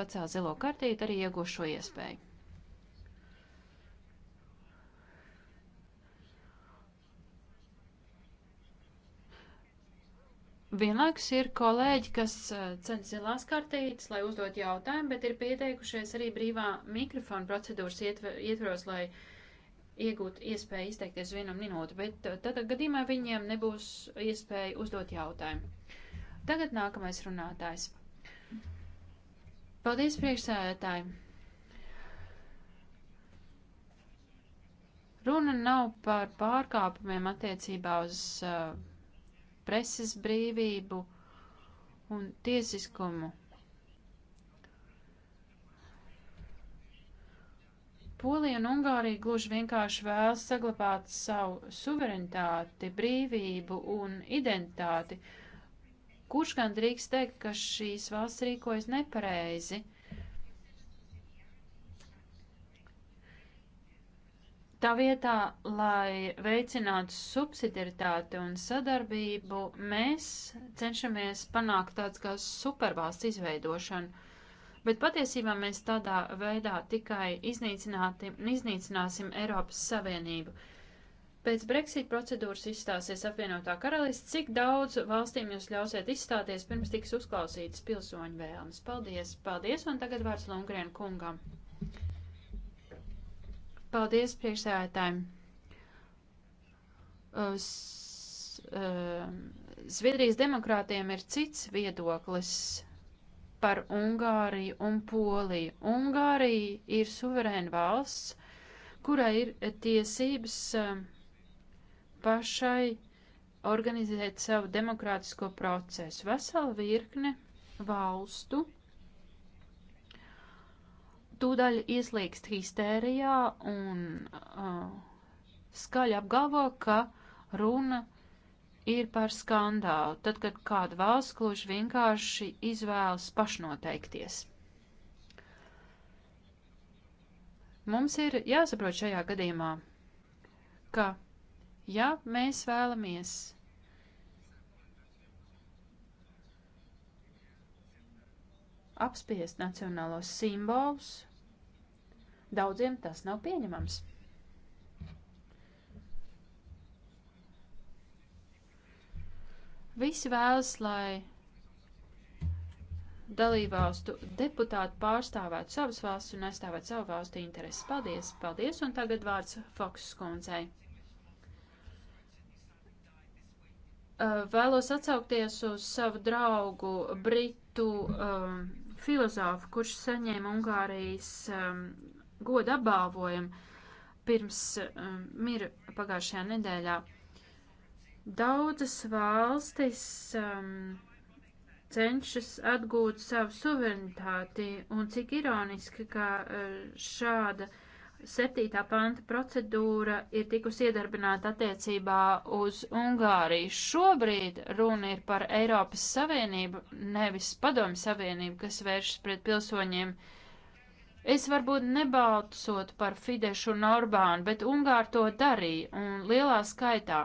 pacēl zilo kartīti, arī iegūs šo iespēju. Vienlaikus ir kolēģi, kas eh, ceļ zilās kartītes, lai uzdot jautājumu, bet ir pieteikušies arī brīvā mikrofona procedūras ietveros, lai iegūtu iespēju izteikties vienam minūtu, bet eh, tad gadījumā viņiem nebūs iespēja uzdot jautājumu. Tagad nākamais runātājs. Paldies, priekšsēdētāji! Runa nav par pārkāpumiem attiecībā uz uh, preses brīvību un tiesiskumu. Polija un Ungārija gluži vienkārši vēlas saglabāt savu suverenitāti, brīvību un identitāti. Uh, Kurš gan drīkst teikt, ka šīs valsts rīkojas nepareizi? Tā vietā, lai veicinātu subsidiaritāti un sadarbību, mēs cenšamies panākt tāds kā supervalsts izveidošanu. Bet patiesībā mēs tādā veidā tikai iznīcināsim Eiropas Savienību. Pēc Brexit procedūras izstāsies apvienotā karalists, cik daudz valstīm jūs ļausiet izstāties pirms tiks uzklausītas pilsoņu vēlmes? Paldies! Paldies! Un tagad vārds Lungrien kungam. Paldies priekšsēdētājiem! Uh, um, Zviedrijas demokrātiem ir cits viedoklis par Ungāriju un Poliju. Ungārija ir suverēna valsts, kurai ir tiesības uh, pašai organizēt savu demokrātisko procesu. Vesela virkne valstu tūdaļ ieslīgst histērijā un uh, skaļi apgalvo, ka runa ir par skandālu, tad, kad kāda valsts kluži vienkārši izvēlas pašnoteikties. Mums ir jāsaprot šajā gadījumā, ka Ja mēs vēlamies apspiest nacionālos simbolus, daudziem tas nav pieņemams. Visi vēlas, lai dalībvalstu deputāti pārstāvētu savas valsts un aizstāvētu savu valstu intereses. Paldies, paldies, un tagad vārds Fokus kundzei. Eh, vēlos atsaukties uz savu draugu Britu um, filozofu, kurš saņēma Ungārijas um, goda apbalvojumu pirms um, mira pagājušajā nedēļā. Daudzas valstis um, cenšas atgūt savu suverenitāti, un cik ironiski, ka uh, šāda uh, septītā panta procedūra ir tikusi iedarbināta attiecībā uz Ungāriju. Šobrīd runa ir par Eiropas Savienību, nevis Padomu Savienību, kas vēršas pret pilsoņiem. Es varbūt nebalsot par Fidešu un Orbānu, bet Ungāri to darīja un lielā skaitā.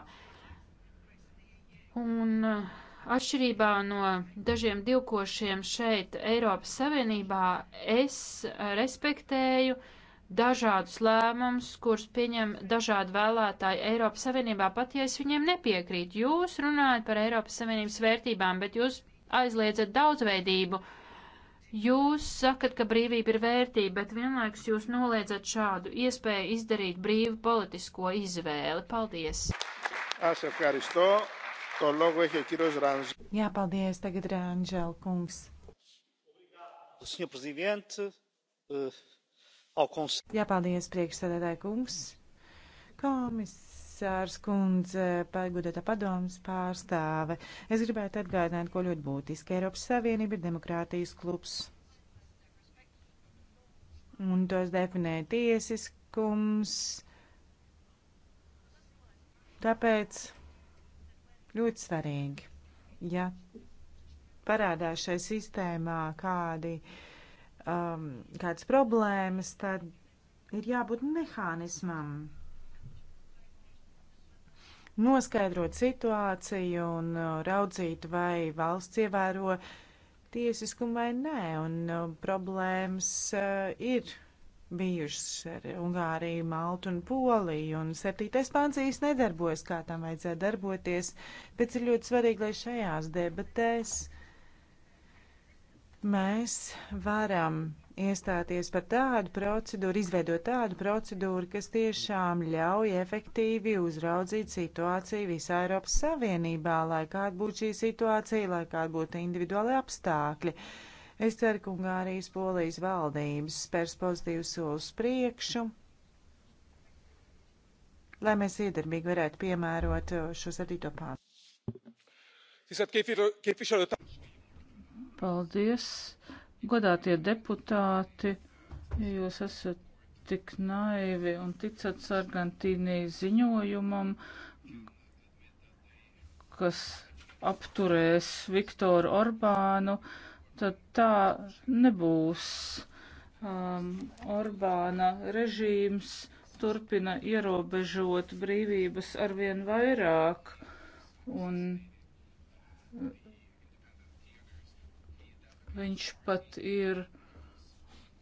Un uh, atšķirībā no dažiem divkošiem šeit Eiropas Savienībā, es respektēju uh, dažādus lēmumus, kurus pieņem dažādi vēlētāji Eiropas Savienībā, pat ja es viņiem nepiekrītu. Jūs runājat par Eiropas Savienības vērtībām, bet jūs aizliedzat daudzveidību. Jūs sakat, ka brīvība ir vērtība, bet vienlaikus jūs noliedzat šādu iespēju izdarīt brīvu politisko izvēli. Paldies! Jā, paldies, tagad Rāņģēl kungs. Senhor Presidente, uh, Jā, paldies, priekšsēdētāji kungs. Komisārs kundze, pagodētā padomas pārstāve. Es gribētu atgādināt, ko ļoti būtiski. Eiropas Savienība ir demokrātijas klubs. Un tos definē tiesiskums. Tāpēc ļoti svarīgi, ja parādās šai sistēmā kādi uh, um, kādas problēmas, tad ir jābūt mehānismam noskaidrot situāciju un uh, raudzīt, vai valsts ievēro tiesiskumu vai nē. Un uh, problēmas uh, ir bijušas ar Ungāriju, Maltu un Poliju, un septītais pāns īsti nedarbojas, kā tam vajadzēja darboties, bet ir ļoti svarīgi, lai šajās debatēs mēs varam iestāties par tādu procedūru, izveidot tādu procedūru, kas tiešām ļauj efektīvi uzraudzīt situāciju visā Eiropas Savienībā, lai kāda būtu šī situācija, lai kāda būtu individuāli apstākļi. Es ceru, ka Ungārijas polijas valdības spērs pozitīvu soli uz priekšu, lai mēs iedarbīgi varētu piemērot šo sadīto pāntu. Paldies, godātie deputāti, ja jūs esat tik naivi un ticat Sargantīnī ziņojumam, kas apturēs Viktoru Orbānu, tad tā nebūs. Um, Orbāna režīms turpina ierobežot brīvības arvien vairāk, un Viņš pat ir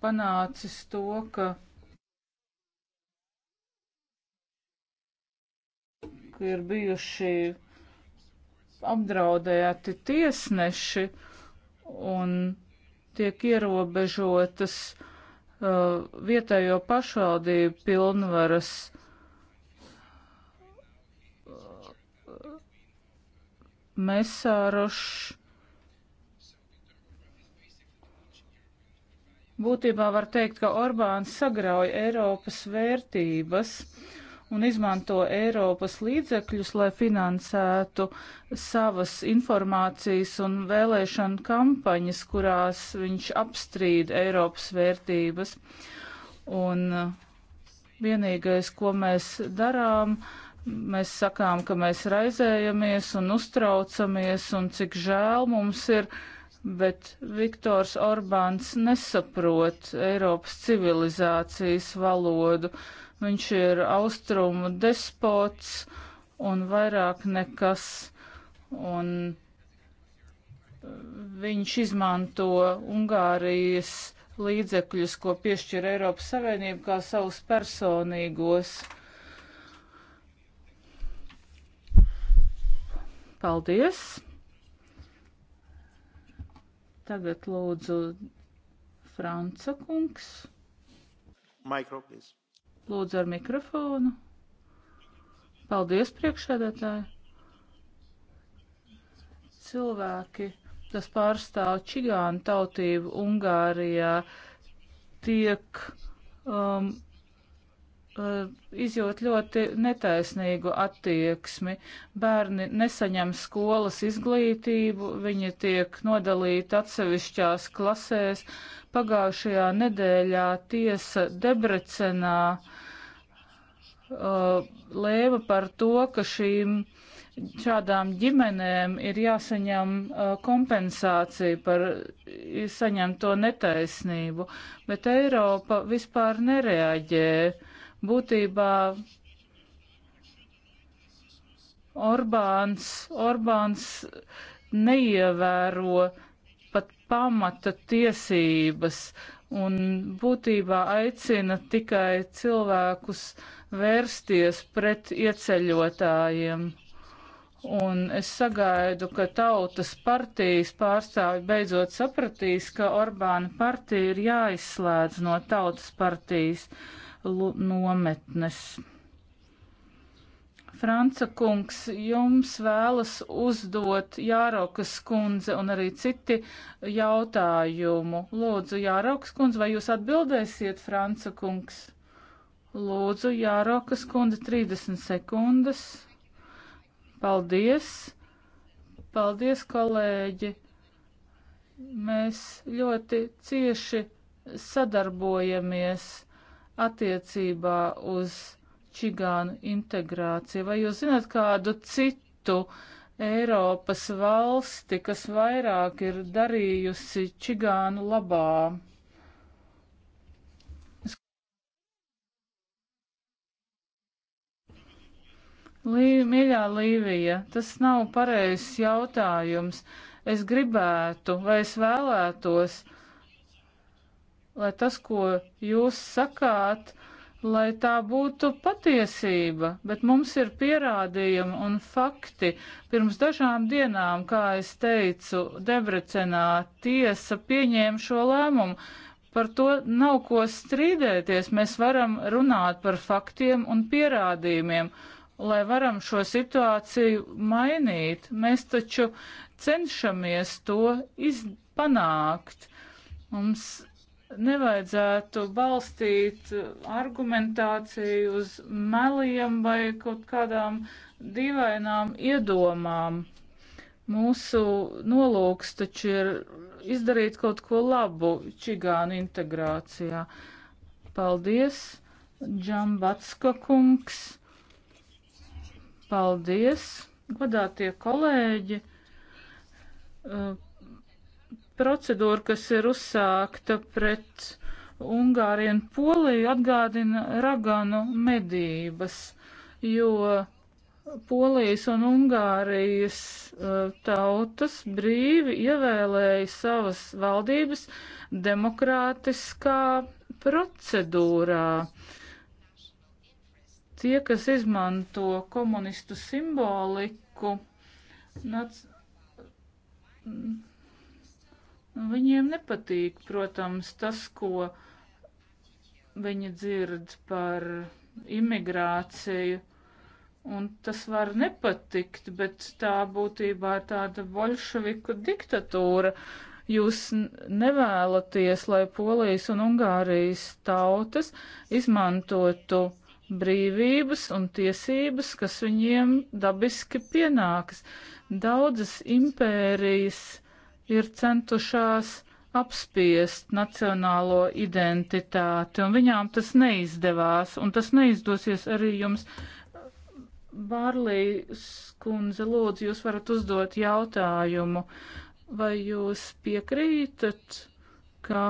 panācis to, ka, ka ir bijuši apdraudēti tiesneši un tiek ierobežotas uh, vietējo pašvaldību pilnvaras. Mesārošs Būtībā var teikt, ka Orbāns sagrauj Eiropas vērtības un izmanto Eiropas līdzekļus, lai finansētu savas informācijas un vēlēšanu kampaņas, kurās viņš apstrīd Eiropas vērtības. Un uh, vienīgais, ko mēs darām, mēs sakām, ka mēs raizējamies un uztraucamies un cik žēl mums ir bet Viktors Orbāns nesaprot Eiropas civilizācijas valodu. Viņš ir austrumu despots un vairāk nekas. Un viņš izmanto Ungārijas līdzekļus, ko piešķir Eiropas Savienība, kā savus personīgos. Paldies! Tagad lūdzu Franca kungs. Mikro, please. Lūdzu ar mikrofonu. Paldies, priekšsēdētāji. Cilvēki, kas pārstāv čigānu tautību Ungārijā, tiek um, Eh, izjūt ļoti netaisnīgu attieksmi. Bērni nesaņem skolas izglītību, viņi tiek nodalīti atsevišķās klasēs. Pagājušajā nedēļā tiesa Debrecenā uh, lēma par to, ka šīm šādām ģimenēm ir jāsaņem uh, kompensācija par saņemto netaisnību, bet Eiropa vispār nereaģē. Uh, būtībā Orbāns, Orbāns neievēro pat pamata tiesības un būtībā aicina tikai cilvēkus vērsties pret ieceļotājiem. Un es sagaidu, ka tautas partijas pārstāvi beidzot sapratīs, ka Orbāna partija ir jāizslēdz no tautas partijas. Uh, nometnes. Franca kungs, jums vēlas uzdot Jārokas kundze un arī citi jautājumu. Lūdzu, Jārokas kundze, vai jūs atbildēsiet, Franca kungs? Lūdzu, Jārokas kundze, 30 sekundes. Paldies! Paldies, kolēģi! Mēs ļoti cieši sadarbojamies attiecībā uz čigānu integrāciju. Vai jūs zināt kādu citu Eiropas valsti, kas vairāk ir darījusi čigānu labā? Lī, mīļā Līvija, tas nav pareizs jautājums. Es gribētu vai es vēlētos, uh, lai tas, ko jūs sakāt, lai tā būtu patiesība, bet mums ir pierādījumi un fakti. Pirms dažām dienām, kā es teicu, Debrecenā tiesa pieņēma šo lēmumu. Par to nav ko strīdēties. Mēs varam runāt par faktiem un pierādījumiem, lai varam šo situāciju mainīt. Mēs taču cenšamies to panākt. Mums nevajadzētu balstīt argumentāciju uz meliem vai kaut kādām dīvainām iedomām. Mūsu nolūks taču ir izdarīt kaut ko labu čigānu integrācijā. Paldies, Džambatska kungs. Paldies, godātie kolēģi. Uh, Procedūra, kas ir uzsākta pret Ungāriju un Poliju, atgādina raganu medības, jo Polijas un Ungārijas uh, tautas brīvi ievēlēja savas valdības demokrātiskā procedūrā. Tie, kas izmanto komunistu simboliku, nāc, Viņiem nepatīk, protams, tas, ko viņi dzird par imigrāciju, un tas var nepatikt, bet tā būtībā ir tāda bolševiku diktatūra. Jūs nevēlaties, lai Polijas un Ungārijas tautas izmantotu brīvības un tiesības, kas viņiem dabiski pienākas. Daudzas impērijas ir centušās apspiest nacionālo identitāti, un viņām tas neizdevās, un tas neizdosies arī jums. Bārlīs kundze, lūdzu, jūs varat uzdot jautājumu, vai jūs piekrītat, ka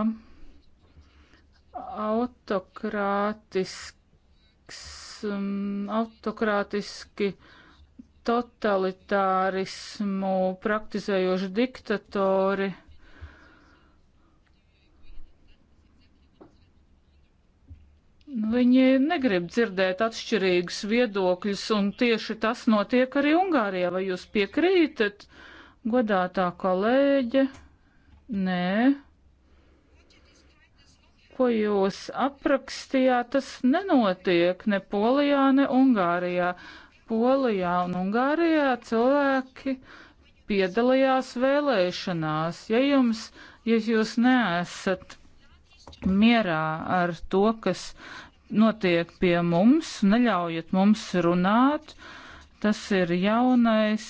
autokrātisks, um, autokrātiski uh, totalitārismu praktizējoši diktatori. Viņi negrib dzirdēt atšķirīgus viedokļus, un tieši tas notiek arī Ungārijā. Vai jūs piekrītat, godātā kolēģe? Nē. Ko jūs aprakstījāt, tas nenotiek ne Polijā, ne Ungārijā. Polijā un Ungārijā cilvēki piedalījās vēlēšanās. Ja jums, ja jūs neesat mierā ar to, kas notiek pie mums, neļaujat mums runāt, tas ir jaunais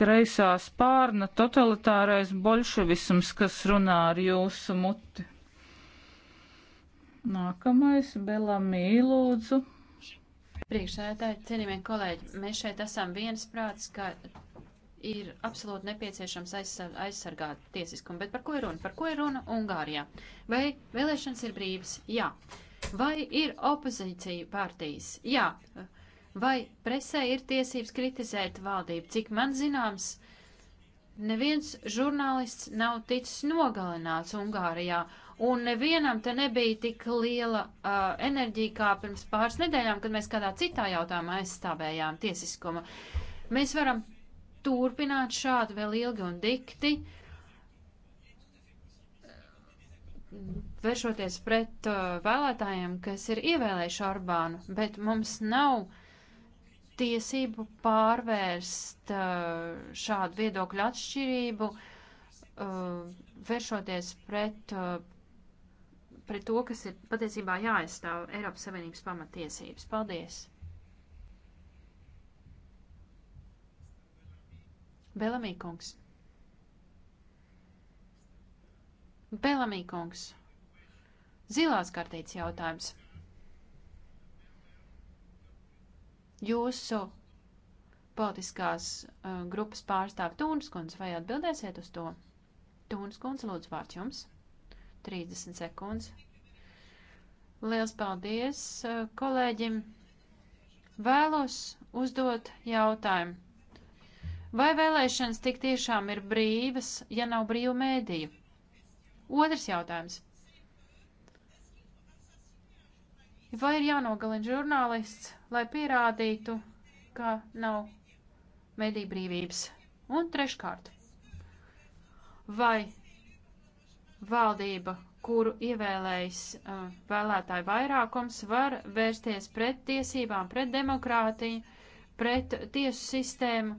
kreisās pārna totalitārais bolševisms, kas runā ar jūsu muti. Nākamais, Belamī, lūdzu. Priekšsēdētāji, cienījamie kolēģi, mēs šeit esam viensprāts, ka ir absolūti nepieciešams aizsargāt tiesiskumu. Bet par ko ir runa? Par ko ir runa Ungārijā? Vai vēlēšanas ir brīvas? Jā. Vai ir opozīcija partijas? Jā. Vai presē ir tiesības kritizēt valdību? Cik man zināms, neviens žurnālists nav ticis nogalināts Ungārijā. Uh, un nevienam te nebija tik liela uh, enerģija kā pirms pāris nedēļām, kad mēs kādā citā jautājumā aizstāvējām tiesiskumu. Mēs varam turpināt šādi vēl ilgi un dikti, vēršoties pret uh, vēlētājiem, kas ir ievēlējuši Orbānu, bet mums nav tiesību pārvērst uh, šādu viedokļu atšķirību, uh, vēršoties pret uh, pret to, kas ir patiesībā jāaizstāv Eiropas Savienības pamatiesības. Paldies! Belamīkungs. Belamīkungs. Zilās kartītes jautājums. Jūsu politiskās uh, grupas pārstāv Tūnskundze, vai atbildēsiet uz to? Tūnskundze, lūdzu, vārds jums. 30 sekundes. Liels paldies uh, kolēģim. Vēlos uzdot jautājumu. Vai vēlēšanas tik tiešām ir brīvas, ja nav brīvu mēdīju? Otrs jautājums. Vai ir jānogalina žurnālists, lai pierādītu, ka nav mediju brīvības? Un treškārt, vai valdība, kuru ievēlējis uh, vēlētāju vairākums, var vērsties pret tiesībām, pret demokrātiju, pret tiesu sistēmu,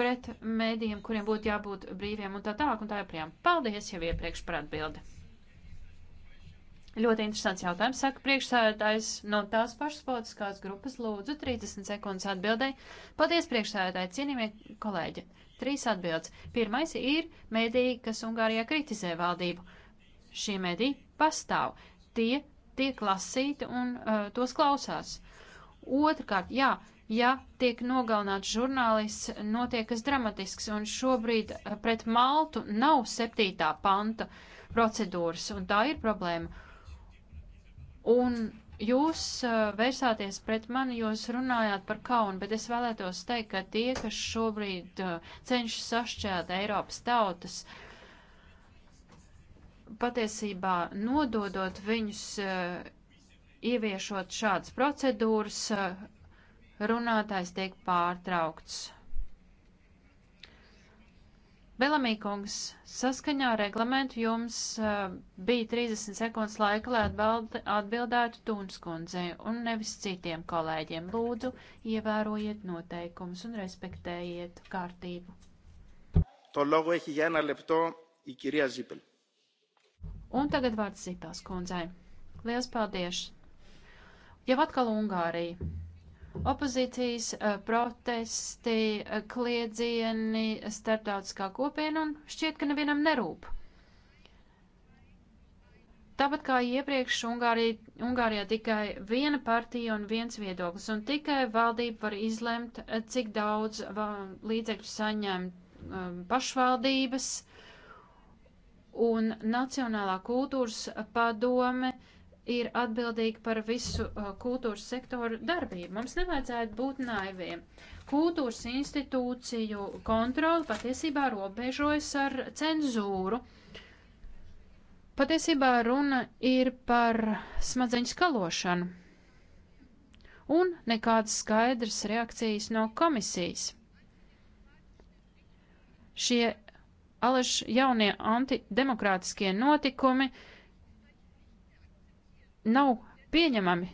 pret mēdījiem, kuriem būtu jābūt brīviem un tā tālāk un tā joprojām. Paldies jau iepriekš par atbildi. Ļoti interesants jautājums, saka priekšsēdētājs no tās pašas politiskās grupas lūdzu 30 sekundes atbildēji. Paldies priekšsēdētāji, cienījamie kolēģi! Trīs atbildes. Pirmais ir mediji, kas Ungārijā kritizē valdību. Šie mediji pastāv. Tie tiek lasīti un uh, tos klausās. Otrkārt, jā, ja tiek nogalināts žurnālists, notiek kas dramatisks, un šobrīd uh, pret Maltu nav septītā panta procedūras, un tā ir problēma. Un Jūs uh, vērsāties pret mani, jūs runājāt par kaunu, bet es vēlētos teikt, ka tie, kas šobrīd uh, cenšas sašķēt Eiropas tautas, patiesībā nododot viņus, uh, ieviešot šādas procedūras, runātājs tiek pārtraukts. Belamīkungs, saskaņā ar reglamentu jums uh, bija 30 sekundes laika, lai atbaldi, atbildētu Tunskundzei un nevis citiem kolēģiem. Lūdzu, ievērojiet noteikumus un respektējiet kārtību. To logo ehi jēna lepto i kirjā Zipel. Un tagad vārds Zipels kundzei. Lielas paldies! Jau atkal Ungārija. Opozīcijas eh, protesti, eh, kliedzieni, eh, starptautiskā kopiena un šķiet, ka nevienam nerūp. Tāpat kā iepriekš Ungārija, Ungārijā tikai viena partija un viens viedoklis, un tikai valdība var izlemt, cik daudz līdzekļu saņem pašvaldības un Nacionālā kultūras padome ir atbildīgi par visu uh, kultūras sektoru darbību. Mums nevajadzētu būt naiviem. Kultūras institūciju kontroli patiesībā robežojas ar cenzūru. Patiesībā runa ir par smadzeņu skalošanu un nekādas skaidras reakcijas no komisijas. Šie alaž jaunie antidemokrātiskie notikumi uh, nav pieņemami.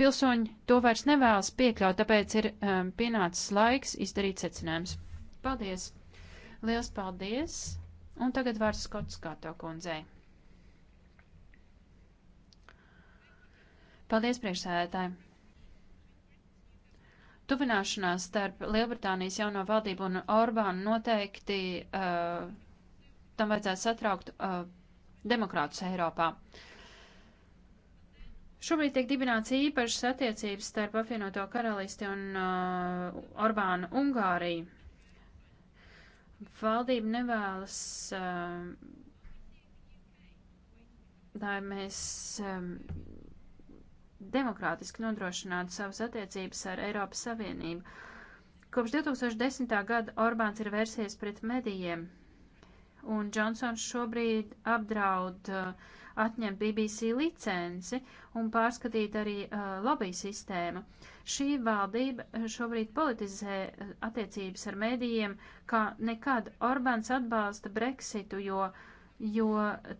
Pilsoņi to vairs nevēlas piekļaut, tāpēc ir um, pienācis laiks izdarīt secinājums. Paldies! Liels paldies! Un tagad vārds Skots Kato kundzei. Paldies, priekšsēdētāji! Tuvināšanās starp Lielbritānijas jauno valdību un Orbānu noteikti uh, tam vajadzētu satraukt uh, demokrātus Eiropā. Uh, Šobrīd tiek dibināts īpašas attiecības starp apvienoto karalisti un uh, Orbānu Ungāriju. Valdība nevēlas, uh, lai mēs um, demokrātiski nodrošinātu savas attiecības ar Eiropas Savienību. Kopš 2010. gada Orbāns ir vērsies pret medijiem, un Džonsons šobrīd apdraud uh, atņemt BBC licenci un pārskatīt arī uh, lobby sistēmu. Šī valdība uh, šobrīd politizē uh, attiecības ar mēdījiem, kā nekad Orbāns atbalsta Brexitu, jo, jo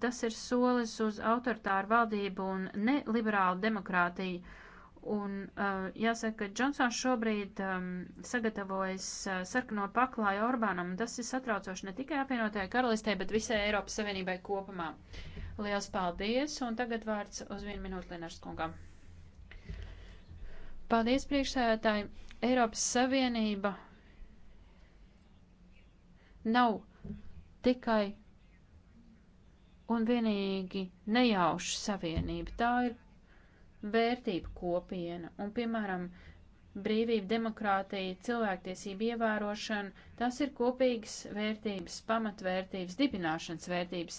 tas ir solis uz autoritāru valdību un neliberālu demokrātiju. Uh, Un uh, jāsaka, ka Džonsons šobrīd um, sagatavojas uh, sarkano paklāju Orbānam, un tas ir satraucoši ne tikai apvienotajai karalistē, bet visai Eiropas Savienībai kopumā. Liels paldies, un tagad vārds uz vienu minūtu Lienars kungam. Paldies, priekšsēdētāji. Eiropas Savienība nav tikai un vienīgi nejauša savienība. Tā ir vērtību kopiena un, piemēram, brīvība, demokrātija, cilvēktiesība ievērošana, tas ir kopīgas vērtības, pamatvērtības, dibināšanas vērtības.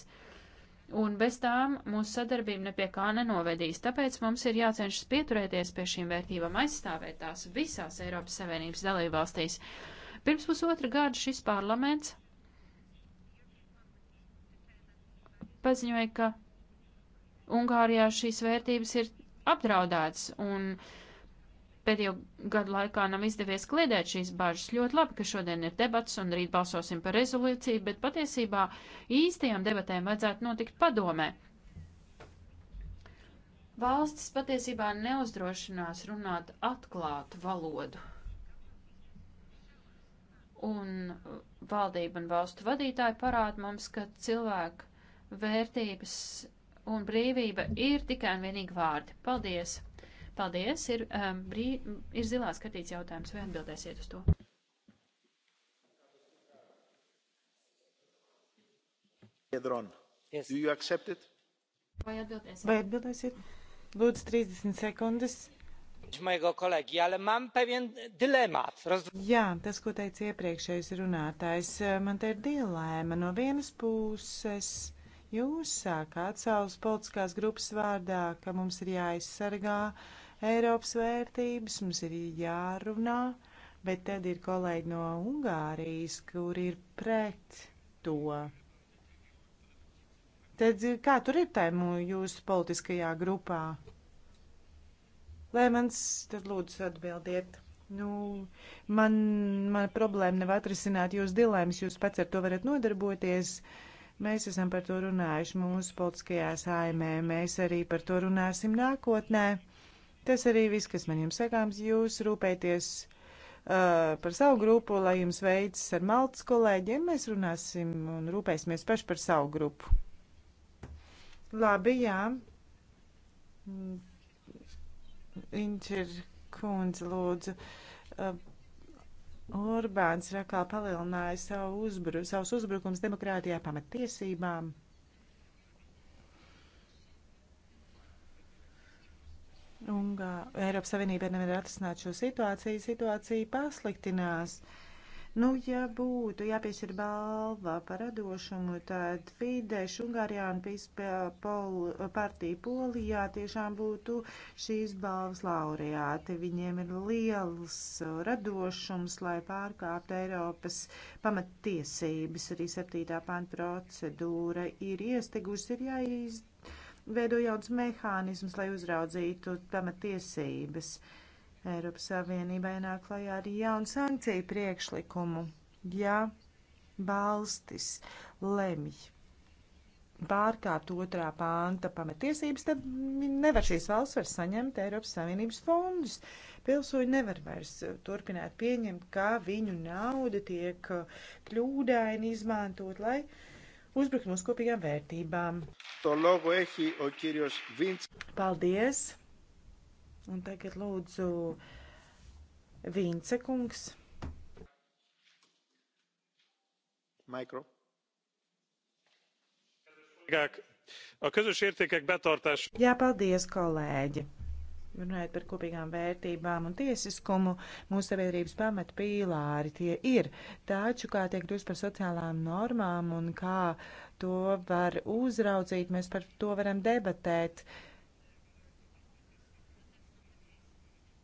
Un bez tām mūsu sadarbība nepie kā nenovedīs, tāpēc mums ir jācenšas pieturēties pie šīm vērtībām, aizstāvēt tās visās Eiropas Savienības dalībvalstīs. Pirms pusotra gada šis parlaments paziņoja, ka Ungārijā šīs vērtības ir apdraudēts, un pēdējo gadu laikā nav izdevies kliedēt šīs bažas. Ļoti labi, ka šodien ir debats un rīt balsosim par rezolūciju, bet patiesībā īstajām debatēm vajadzētu notikt padomē. Valstis patiesībā neuzdrošinās runāt atklātu valodu. Un valdība un valstu vadītāji parāda mums, ka cilvēku vērtības un brīvība ir tikai un vienīgi vārdi. Paldies! Paldies! Ir, um, brī, ir zilās skatīts jautājums, vai atbildēsiet uz to? Yes. Vai atbildēsiet? Vai atbildēsiet? Lūdzu, 30 sekundes. Jā, tas, ko teica iepriekšējais runātājs, man te ir dilēma no vienas puses Jūs sākāt savas politiskās grupas vārdā, ka mums ir jāaizsargā Eiropas vērtības, mums ir jārunā, bet tad ir kolēģi no Ungārijas, kur ir pret to. Tad kā tur ir tēmu jūsu politiskajā grupā? Lēmans, tad lūdzu atbildiet. Nu, man, man problēma nav atrisināt jūsu dilemmas, jūs pats ar to varat nodarboties. Uh, Mēs esam par to runājuši mūsu politiskajā saimē, mēs arī par to runāsim nākotnē. Tas arī viss, kas man jums sakāms, jūs rūpēties uh, par savu grupu, lai jums veids ar maltas kolēģiem, mēs runāsim un rūpēsimies paši par savu grupu. Labi, jā. Viņš ir kundze, lūdzu. Uh, Orbāns ir atkal palielinājis savu uzbru, savus uzbrukums demokrātijā pamattiesībām. Un kā Eiropas Savienībai nevar atrisināt šo situāciju, situācija pasliktinās. Uh, Nu, ja būtu jāpiešķir balva par radošumu, tad Fidesz, Ungārijā un Pol, partija Polijā tiešām būtu šīs balvas laureāti. Viņiem ir liels radošums, lai pārkāptu Eiropas pamattiesības. Arī 7. pānta procedūra ir iestegusi, ir jāizdara veido jauns mehānisms, lai uzraudzītu pamatiesības. Uh, Eiropas Savienībai nāk klajā arī jaunu sankciju priekšlikumu, ja valstis lemj pārkāpt otrā pānta pamatiesības, tad nevar šīs valsts vairs saņemt Eiropas Savienības fondus. Pilsoņi nevar vairs eh, turpināt pieņemt, ka viņu nauda tiek eh, kļūdaini izmantot, lai uzbrukt mūsu kopīgām vērtībām. Paldies! Un tagad lūdzu Vīnce kungs. Mikro. A közös értékek betartása. Jā, paldies, kolēģi! Runājot par kopīgām vērtībām un tiesiskumu, mūsu sabiedrības pamata pīlāri tie ir. Taču, kā tiek kļūst par sociālām normām un kā to var uzraudzīt, mēs par to varam debatēt. Uh,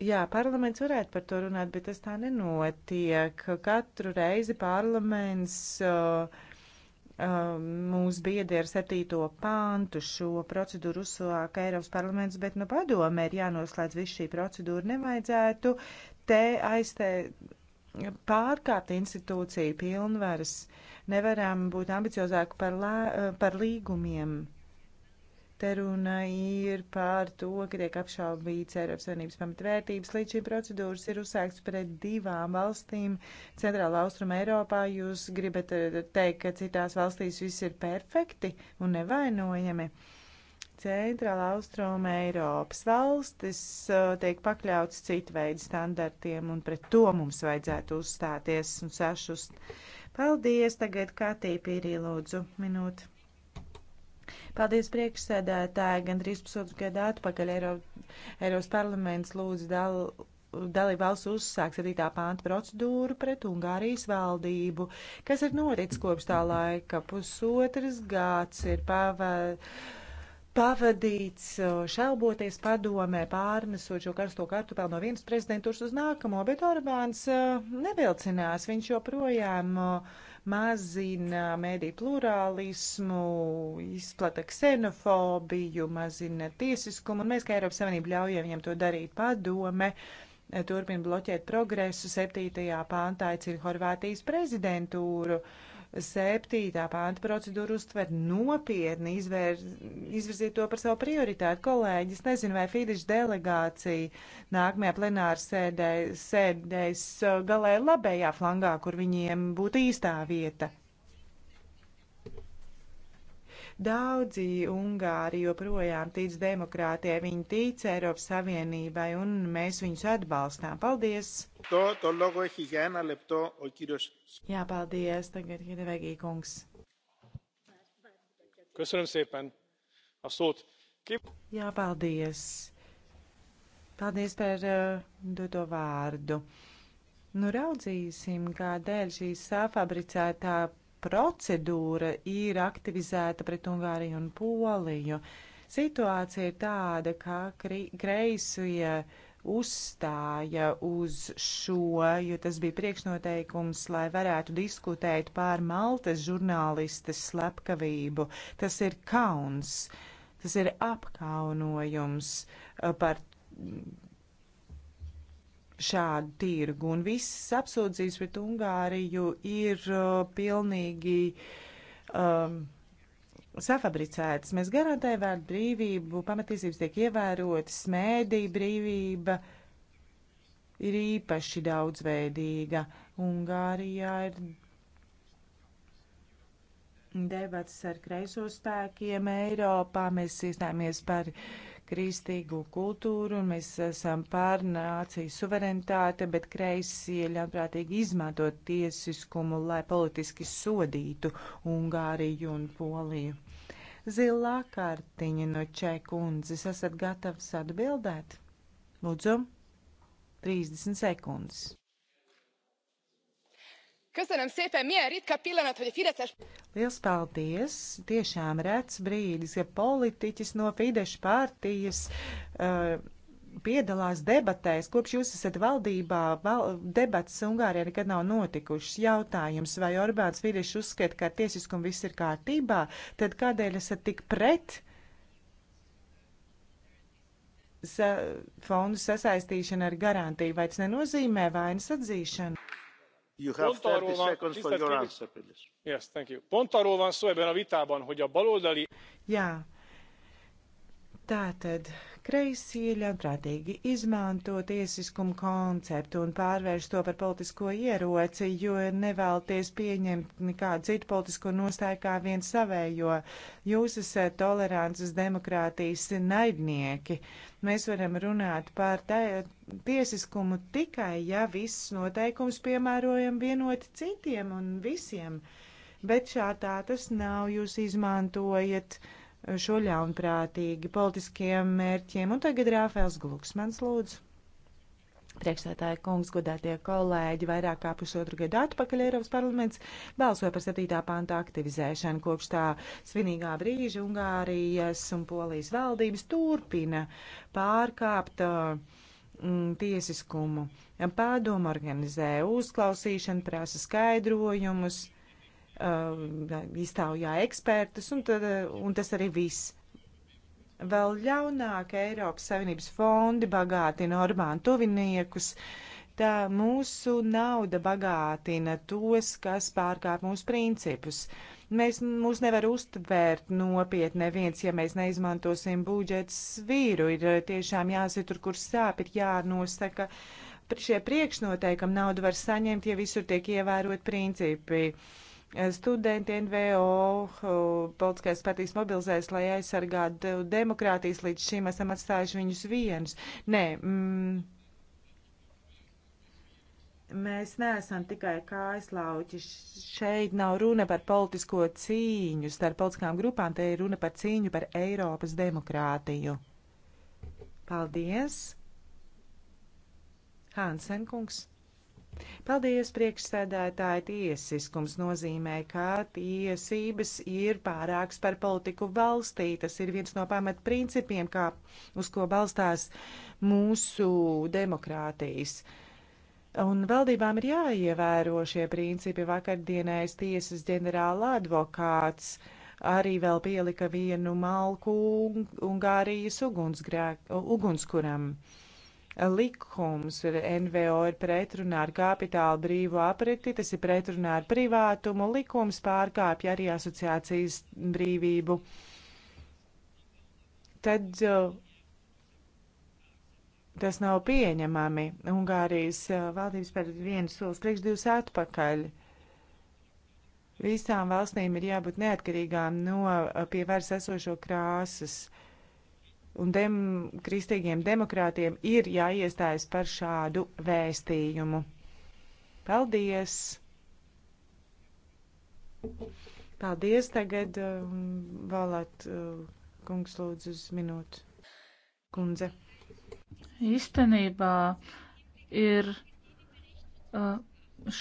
Jā, parlaments varētu par to runāt, bet tas tā nenotiek. Katru reizi parlaments uh, uh, mūs biedē ar septīto pāntu šo procedūru uzsāk Eiropas parlaments, bet nu padomē ir jānoslēdz viss šī procedūra. Nevajadzētu te aiztē pārkāpt institūciju pilnvaras. Nevaram būt ambiciozāki par, lā, par līgumiem. Te runa ir par to, ka tiek apšaubīts Eiropas Savienības pamatvērtības. Līdz šī procedūras ir uzsākts pret divām valstīm Centrāla Austruma Eiropā. Jūs gribat eh, teikt, ka citās valstīs viss ir perfekti un nevainojami. Centrāla Austruma Eiropas valstis eh, tiek pakļauts citu veidu standartiem, un pret to mums vajadzētu uzstāties un sašust. Paldies! Tagad Katī Pīrī lūdzu minūti. Paldies priekšsēdētāji, gan 13 gadu atpakaļ Eiro, Eiros parlaments lūdz dal, dalībvalsts uzsāks 7. pānta procedūru pret Ungārijas valdību. Kas ir noticis kopš tā laika? Pusotras gads ir pava, pavadīts šelboties padomē, pārnesot šo karsto kartupeli no vienas prezidentūras uz nākamo, bet Orbāns nevilcinās. Viņš joprojām uh, mazina mēdī plurālismu, izplata ksenofobiju, mazina tiesiskumu, un mēs, kā Eiropas Savienība, ļaujam viņam to darīt padome. Eh, Turpin bloķēt progresu. Septītajā pāntā ir Horvātijas prezidentūru. Uh, septītā pānta procedūru uztver nopietni, izvēr, izvirzīt to par savu prioritāti. Kolēģis, nezinu, vai Fīdiša delegācija nākamajā plenāra sēdē, sēdēs uh, galē labējā flangā, kur viņiem būtu īstā vieta. Daudzi Ungāri joprojām tic demokrātijai, viņi tic Eiropas Savienībai un mēs viņus atbalstām. Paldies! To, to logo ehi ja ena lepto, o kīros. Jā, paldies, tagad Hidevegī kungs. Köszönöm szépen a szót. Ki... Jā, paldies. Paldies par uh, doto vārdu. Nu, raudzīsim, kādēļ šī safabricētā procedūra ir aktivizēta pret Ungāriju un Poliju. Situācija ir tāda, ka kreisie uzstāja uz šo, jo tas bija priekšnoteikums, lai varētu diskutēt pār Maltas žurnālistas slepkavību. Tas ir kauns, tas ir apkaunojums uh, par šādu tirgu, un visas apsūdzības pret Ungāriju ir uh, pilnīgi um, safabricētas. Mēs garantējam vārdu brīvību, pamatiesības tiek ievērotas, mēdī brīvība ir īpaši daudzveidīga. Ungārijā ir debats ar kreiso spēkiem Eiropā, mēs iestājāmies par uh, kristīgo kultūru, un mēs esam pār nāciju suverenitāte, bet kreisie ļaunprātīgi izmantot tiesiskumu, lai politiski sodītu Ungāriju un Poliju. Zilā kartiņa no Čekundzes. Esat gatavs atbildēt? Lūdzu, 30 sekundes. Liels paldies! Tiešām rēts brīdis, ja politiķis no Fideša partijas uh, piedalās debatēs, kopš jūs esat valdībā, val, debats Ungārijā nekad nav notikušas. Jautājums, vai Orbāns Fidešs uzskata, ka ar tiesiskumu viss ir kārtībā, tad kādēļ esat tik pret? Sa fondu sasaistīšana ar garantiju, vai tas nenozīmē vainas atzīšanu? pont arról van szó ebben a vitában hogy a baloldali. jā tātad Kreisie ļaunprātīgi izmanto tiesiskumu konceptu un pārvērš to par politisko ieroci, jo nevēlties pieņemt nekādu citu politisko nostāju kā vien savējo. Jūs esat tolerances demokrātijas naidnieki. Mēs varam runāt par tiesiskumu tikai, ja viss noteikums piemērojam vienoti citiem un visiem bet šā tā tas nav. Jūs izmantojat šo ļaunprātīgi politiskiem mērķiem. Un tagad Rāfēls Gluksmans lūdzu. Priekšsētāja kungs, godātie kolēģi, vairāk kā pusotru gadu atpakaļ Eiropas parlaments balsoja par 7. pānta aktivizēšanu. Kopš tā svinīgā brīža Ungārijas un Polijas valdības turpina pārkāpt uh, mm, tiesiskumu. Pārdomu organizē uzklausīšanu, prasa skaidrojumus Um, iztaujā ekspertus, un, tad, uh, un tas arī viss. Vēl ļaunāk Eiropas Savienības fondi bagātina Orbānu tuviniekus. Tā mūsu nauda bagātina tos, kas pārkāp mūsu principus. Mēs mūs nevar uztvērt nopietni neviens, ja mēs neizmantosim budžets svīru. Ir uh, tiešām jāsit tur, kur sāp, ir jānosaka šie priekšnoteikumi. Naudu var saņemt, ja visur tiek ievērot principi. Uh, studenti NVO politiskais partijas mobilizēs, lai aizsargātu demokrātijas, līdz šim esam atstājuši viņus vienus. Nē, mm, mēs neesam tikai kājaslauķi. Šeit nav runa par politisko cīņu starp politiskām grupām, te ir runa par cīņu par Eiropas demokrātiju. Paldies! Hansenkungs. Paldies, priekšsēdētāji! Tiesiskums nozīmē, ka tiesības ir pārāks par politiku valstī. Tas ir viens no pamatprincipiem, kā, uz ko balstās mūsu demokrātijas. Un valdībām ir jāievēro šie principi. Vakardienais tiesas ģenerāla advokāts arī vēl pielika vienu malku Ungārijas ugunskuram. Un likums. NVO ir pretrunā ar kapitāla brīvu apriti, tas ir pretrunā ar privātumu, likums pārkāpja arī asociācijas brīvību. Tad uh, tas nav pieņemami. Ungārijas uh, valdības par vienu solis priekš divus atpakaļ. Visām valstīm ir jābūt neatkarīgām no uh, pie varas esošo krāsas. Uh, un dem, kristīgiem demokrātiem ir jāiestājas par šādu vēstījumu. Paldies! Paldies tagad, um, Valāt, uh, kungs lūdzu uz minūtu. Kundze. Īstenībā ir uh,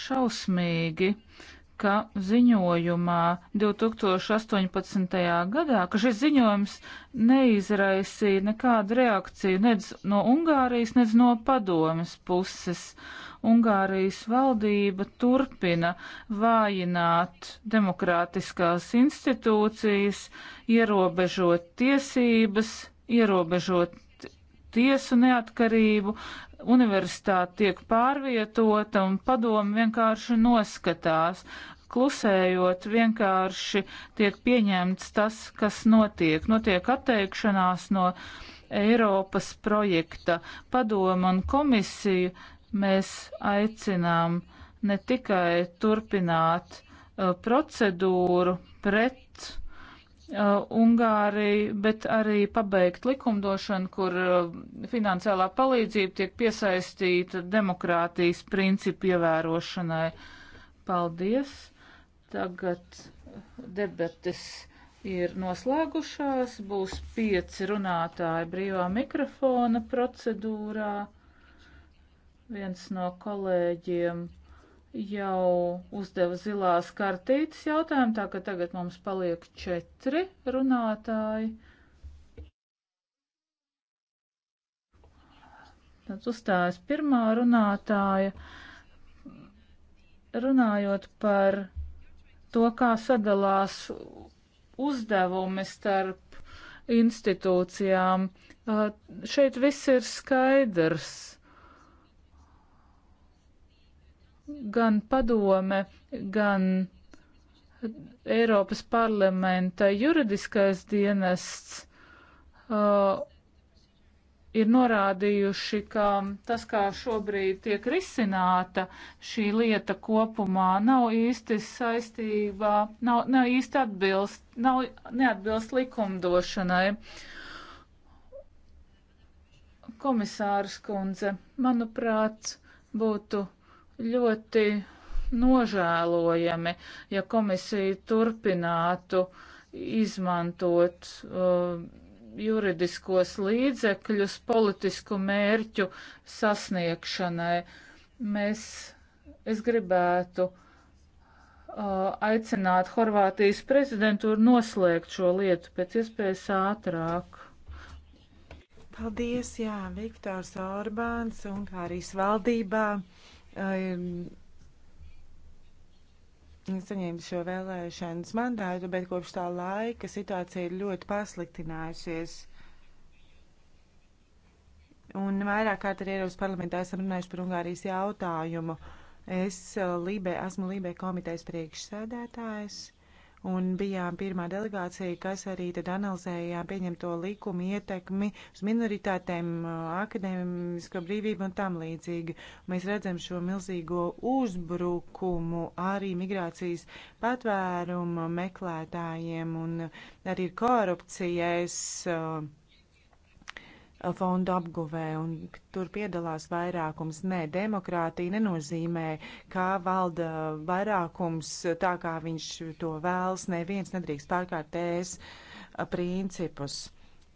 šausmīgi, uh, ka ziņojumā 2018. gadā, ka šis ziņojums neizraisīja nekādu reakciju nedz no Ungārijas, nedz no padomas puses. Ungārijas valdība turpina vājināt demokrātiskās institūcijas, ierobežot tiesības, ierobežot tiesu neatkarību, universitāte tiek pārvietota un padomi vienkārši noskatās. Klusējot, vienkārši tiek pieņemts tas, kas notiek. Notiek atteikšanās no Eiropas projekta. Padomu un komisiju mēs aicinām ne tikai turpināt uh, procedūru pret uh, Ungāriju, bet arī pabeigt likumdošanu, kur uh, finansiālā palīdzība tiek piesaistīta demokrātijas principu ievērošanai. Paldies! Tagad uh, debates ir noslēgušās, būs pieci runātāji brīvā mikrofona procedūrā. Viens no kolēģiem jau uzdeva zilās kartītes jautājumu, tā ka tagad mums paliek četri runātāji. Tad uzstājas pirmā runātāja, runājot par to, kā sadalās uzdevumi starp institūcijām. Šeit viss ir skaidrs gan padome, gan Eiropas parlamenta juridiskais dienests uh, ir norādījuši, ka tas, kā šobrīd tiek risināta šī lieta kopumā, nav īsti saistībā, nav, nav īsti atbilst, nav neatbilst likumdošanai. Komisārs kundze, manuprāt, būtu ļoti nožēlojami, ja komisija turpinātu izmantot uh, juridiskos līdzekļus politisku mērķu sasniegšanai. Mēs, es gribētu uh, aicināt Horvātijas prezidentūru noslēgt šo lietu pēc iespējas ātrāk. Paldies, jā, Viktors Orbāns un kā arī valdībā saņēma šo vēlēšanas mandātu, bet kopš tā laika situācija ir ļoti pasliktinājusies. Un vairāk kārt arī Eiropas parlamentā esam runājuši par Ungārijas jautājumu. Es Lībē, esmu Lībē komitejas priekšsēdētājs un bijām pirmā delegācija, kas arī tad analizējām pieņemto likumu ietekmi uz minoritātēm, akadēmisko brīvību un tam līdzīgi. Mēs redzam šo milzīgo uzbrukumu arī migrācijas patvērumu meklētājiem un arī korupcijas. Uh, fondu apguvē, un tur piedalās vairākums. Nē, demokrātija nenozīmē, kā valda vairākums tā, kā viņš to vēlas. Neviens nedrīkst pārkārtēs principus.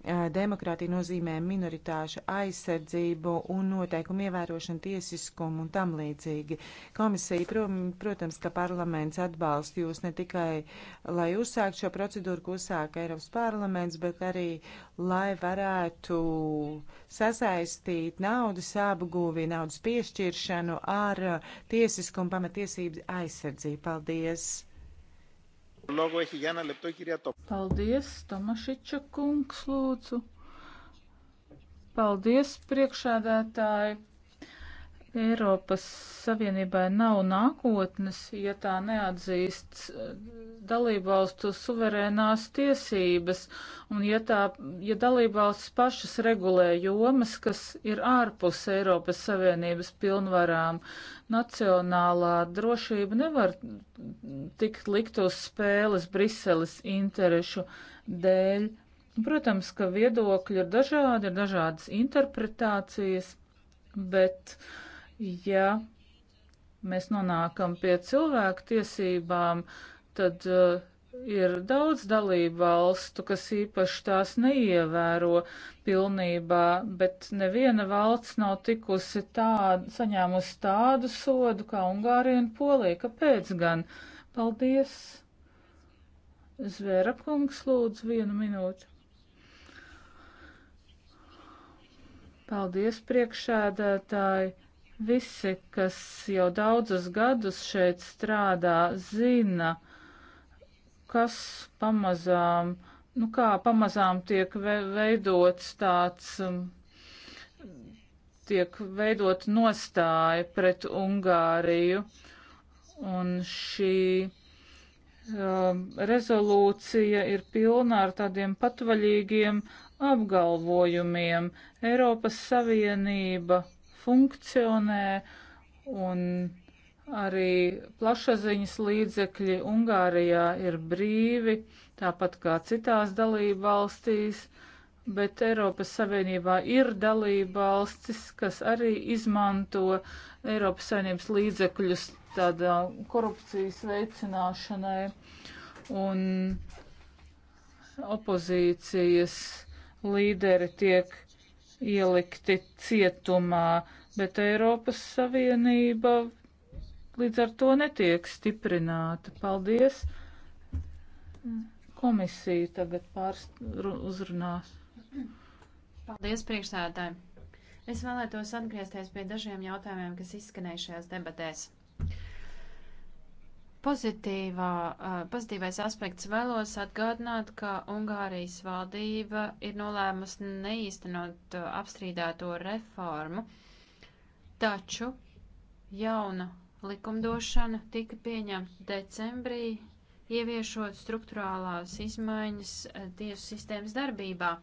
Eh, demokrātija nozīmē minoritāšu aizsardzību un noteikumu ievērošanu tiesiskumu un tam līdzīgi. Komisija, protams, ka parlaments atbalsta jūs ne tikai, lai uzsākt šo procedūru, ko uzsāka Eiropas parlaments, bet arī, lai varētu sasaistīt naudas apgūvi, naudas piešķiršanu ar tiesiskumu pamatiesības aizsardzību. Paldies! Paldies, Tomašiča kungs, lūdzu. Paldies, priekšādētāji. Eiropas Savienībai nav nākotnes, ja tā neatzīst eh, dalībvalstu suverēnās tiesības, un ja, tā, ja dalībvalstis pašas regulē jomas, kas ir ārpus Eiropas Savienības pilnvarām, nacionālā drošība nevar tikt likt uz spēles Briseles interešu dēļ. Protams, ka viedokļi ir dažādi, ir dažādas interpretācijas, bet uh, ja mēs nonākam pie cilvēku tiesībām, tad uh, ir daudz dalību valstu, kas īpaši tās neievēro pilnībā, bet neviena valsts nav tikusi tādu, saņēmusi tādu sodu kā Ungārija un Polija. Kāpēc gan? Paldies! Zvēra kungs, lūdzu, vienu minūti. Paldies, priekšēdētāji! Visi, kas jau daudzus gadus šeit strādā, zina, kas pamazām, nu kā pamazām tiek veidots tāds, um, tiek veidot nostāja pret Ungāriju. Un šī um, rezolūcija ir pilna ar tādiem patvaļīgiem apgalvojumiem. Eiropas Savienība funkcionē un arī plašaziņas līdzekļi Ungārijā ir brīvi, tāpat kā citās dalību valstīs, bet Eiropas Savienībā ir dalību valstis, kas arī izmanto Eiropas Savienības līdzekļus tādā korupcijas veicināšanai un opozīcijas līderi tiek ielikti cietumā, bet Eiropas Savienība līdz ar to netiek stiprināta. Paldies! Komisija tagad pāruzrunās. Paldies priekšsēdētājiem! Es vēlētos atgriezties pie dažiem jautājumiem, kas izskanēja šajās debatēs. Pozitīvā, pozitīvais aspekts vēlos atgādināt, ka Ungārijas valdība ir nolēmusi neīstenot apstrīdēto reformu, taču jauna likumdošana tika pieņemta decembrī, ieviešot struktūrālās izmaiņas tiesu sistēmas darbībā,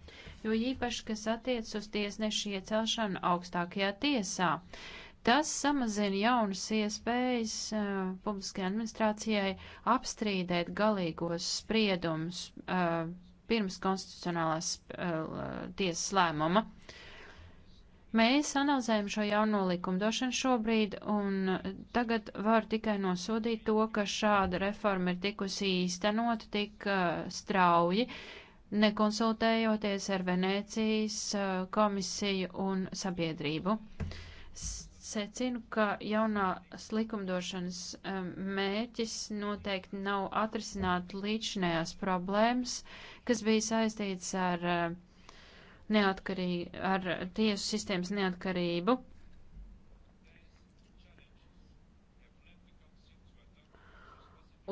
jo īpaši, kas attiec uz tiesnešu iecelšanu augstākajā tiesā. Uh, Tas samazina jaunas iespējas uh, publiskajai administrācijai apstrīdēt galīgos spriedumus uh, pirms konstitucionālās uh, tiesas lēmuma. Mēs analizējam šo jauno likumdošanu šobrīd, un tagad var tikai nosodīt to, ka šāda reforma ir tikusi īstenota tik uh, strauji, nekonsultējoties ar Venēcijas uh, komisiju un sabiedrību. Uh, secinu, ka jaunā likumdošanas mērķis noteikti nav atrisināt līdzinējās problēmas, kas bija saistīts ar, neatkarī, ar tiesu sistēmas neatkarību.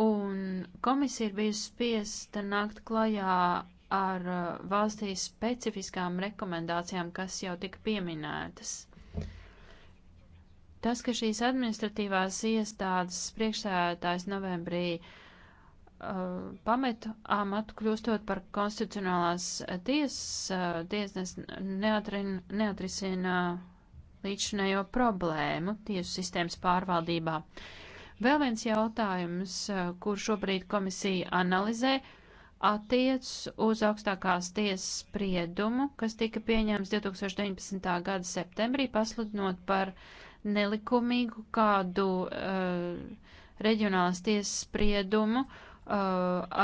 Un komisija ir bijusi spiesta nākt klajā ar valstīs specifiskām rekomendācijām, kas jau tika pieminētas. Tas, ka šīs administratīvās iestādes priekšsēdētājs novembrī uh, pametu amatu, kļūstot par konstitucionālās tiesas uh, tiesnes, neatrin, neatrisina līdzinējo problēmu tiesu sistēmas pārvaldībā. Vēl viens jautājums, uh, kur šobrīd komisija analizē, attiec uz augstākās tiesas spriedumu, kas tika pieņemts 2019. gada septembrī, pasludinot par uh, nelikumīgu kādu uh, reģionālas tiesas spriedumu, uh,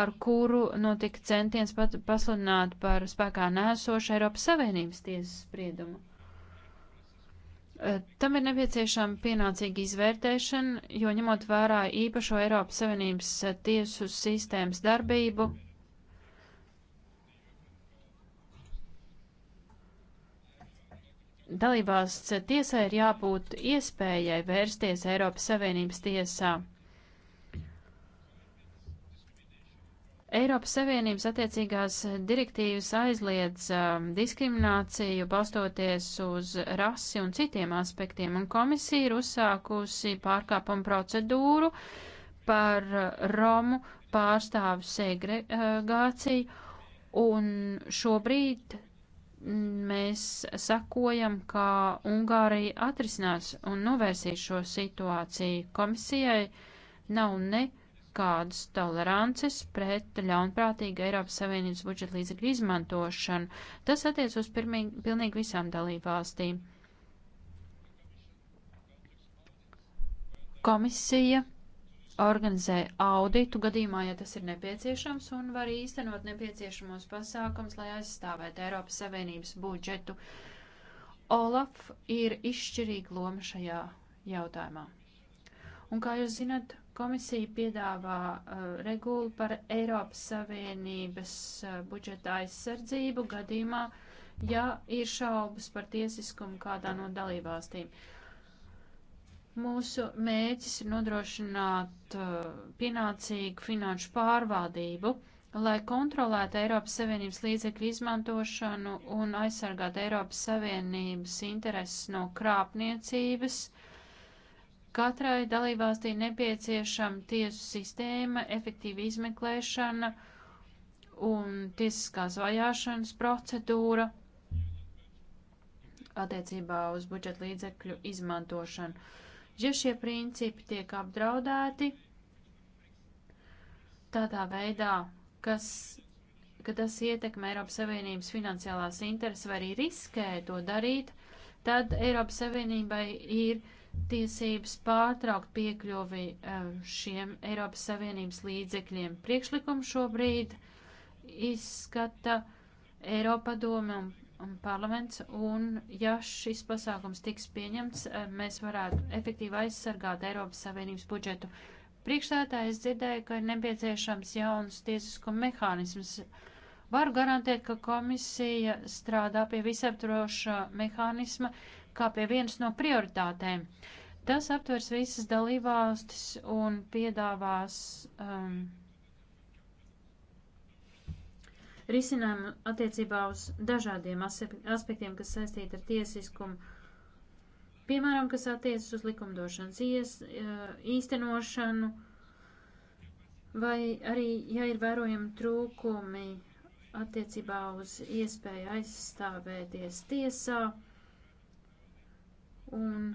ar kuru notika centiens pat pasludināt par spēkā nēsošu Eiropas Savienības tiesas spriedumu. Uh, tam ir nepieciešama pienācīga izvērtēšana, jo ņemot vērā īpašo Eiropas Savienības tiesu sistēmas darbību, dalībvalsts tiesai ir jābūt iespējai vērsties Eiropas Savienības tiesā. Eiropas Savienības attiecīgās direktīvas aizliedz um, diskrimināciju balstoties uz rasi un citiem aspektiem, un komisija ir uzsākusi pārkāpumu procedūru par Romu pārstāvu segregāciju, un šobrīd mēs sakojam, kā Ungārija atrisinās un novērsīs šo situāciju. Komisijai nav nekādas tolerances pret ļaunprātīgu Eiropas Savienības budžeta līdzekļu izmantošanu. Tas attiec uz pirmīgi, pilnīgi visām dalībvalstīm. Komisija organizē auditu gadījumā, ja tas ir nepieciešams, un var īstenot nepieciešamos pasākums, lai aizstāvētu Eiropas Savienības budžetu. Olaf ir izšķirīga loma šajā jautājumā. Un kā jūs zināt, komisija piedāvā uh, regulu par Eiropas Savienības uh, budžeta aizsardzību gadījumā, ja ir šaubas par tiesiskumu kādā no dalībvalstīm. Uh, Mūsu mēģis ir nodrošināt uh, pienācīgu finanšu pārvaldību, lai kontrolētu Eiropas Savienības līdzekļu izmantošanu un aizsargātu Eiropas Savienības intereses no krāpniecības. Katrai dalībvalstī nepieciešama tiesu sistēma, efektīva izmeklēšana un tiesiskās vajāšanas procedūra attiecībā uz budžeta līdzekļu izmantošanu. Ja šie principi tiek apdraudēti tādā veidā, kas, ka tas ietekmē Eiropas Savienības finansiālās intereses vai arī riskē to darīt, tad Eiropas Savienībai ir tiesības pārtraukt piekļuvi eh, šiem Eiropas Savienības līdzekļiem. Priekšlikumu šobrīd izskata Eiropadome un Um, parlaments, un ja šis pasākums tiks pieņemts, eh, mēs varētu efektīvi aizsargāt Eiropas Savienības budžetu. Priekšstādātājs dzirdēja, ka ir nepieciešams jauns tiesisko mehānisms. Varu garantēt, ka komisija strādā pie visaptroša mehānisma kā pie vienas no prioritātēm. Tas aptvers visas dalībvalstis un piedāvās um, risinājumu attiecībā uz dažādiem aspektiem, kas saistīti ar tiesiskumu. Piemēram, kas attiecas uz likumdošanas ies, īstenošanu, vai arī, ja ir vērojami trūkumi attiecībā uz iespēju aizstāvēties tiesā un